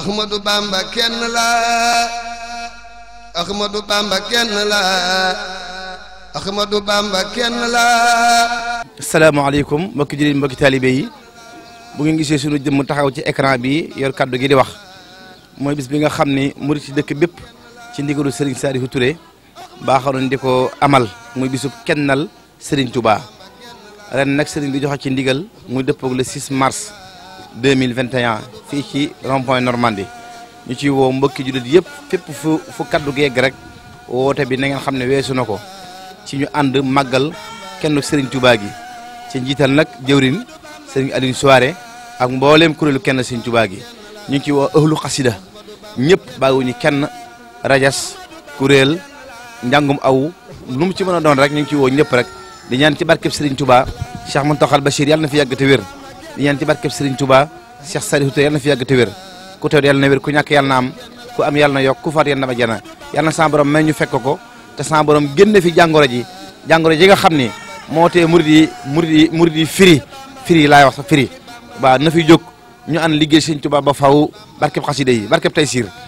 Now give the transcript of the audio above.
Ahmadu Bamba kenn la Ahmadu Bamba kenn la Ahmadu Bamba kenn la salaamaaleykum mbokki jullit mbokki taalibe yi bu ngeen gisee sunu jëmm taxaw ci écran bi yor kàddu gi di wax mooy bis bi nga xam ni murit ci dëkk bépp ci ndigalu Serigne Saliou Touré baaxoon di ko amal muy bisub kennal Serigne Touba ren nag Serigne bi joxe ci ndigal muy dëppoog le 6 mars 2021 fi ci rond point Normandie ñu ci woo mbokki jullit yépp fep fu fu kaddu geeg rek wote bi na ngeen xam wésu nako ci ñu and magal kenn Serigne Touba gi ci njital nak jëwrin Serigne aliou Souaré ak mbooleem kurelu kenn Serigne Touba gi ñu ci wo woo qasida xasida baawu bàyyiwuñu kenn rajas kurel. njangum aw lu mu ci mëna a doon rek ñu ci wo ñëpp rek di ñaan ci barkeb Serigne Touba Cheikh Mountakha Bachir yalla na fi yagg te wër di ci barkeb Serigne Touba Cheikh Saliou Touré yàlla na fi yàgg te wér ku teew yàlla na wér ku ñàkk yàlla na am ku am yàlla na yokk ku faat yàlla na ba jana yàlla na san may ñu fekk ko te san borom génn fi jàngoro ji jàngoro ji nga xam ni moo tee murid yi murid yi murid yi laay wax sax firi waaw na fi jóg ñu an liggéey Serigne Touba ba faw barkeb xasida yi barkeb Taysiir